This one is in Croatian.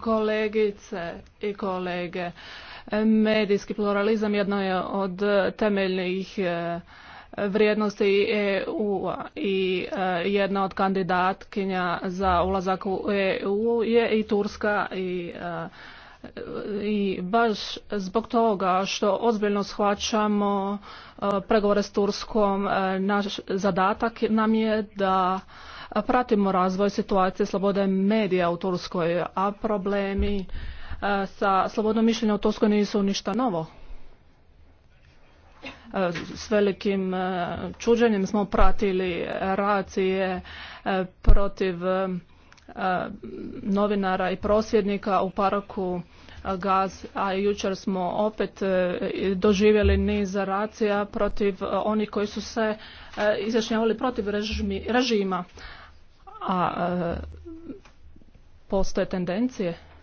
kolegice i kolege. Medijski pluralizam jedno je od temeljnih e, vrijednosti EU i e, jedna od kandidatkinja za ulazak u EU je i Turska i e, i baš zbog toga što ozbiljno shvaćamo pregovore s Turskom, naš zadatak nam je da Pratimo razvoj situacije slobode medija u Turskoj, a problemi e, sa slobodom mišljenja u Turskoj nisu ništa novo. E, s velikim e, čuđenjem smo pratili racije protiv novinara i prosvjednika u paraku gaz, a jučer smo opet e, doživjeli niz racija protiv e, onih koji su se e, izjašnjavali protiv režima. A postoje tendencije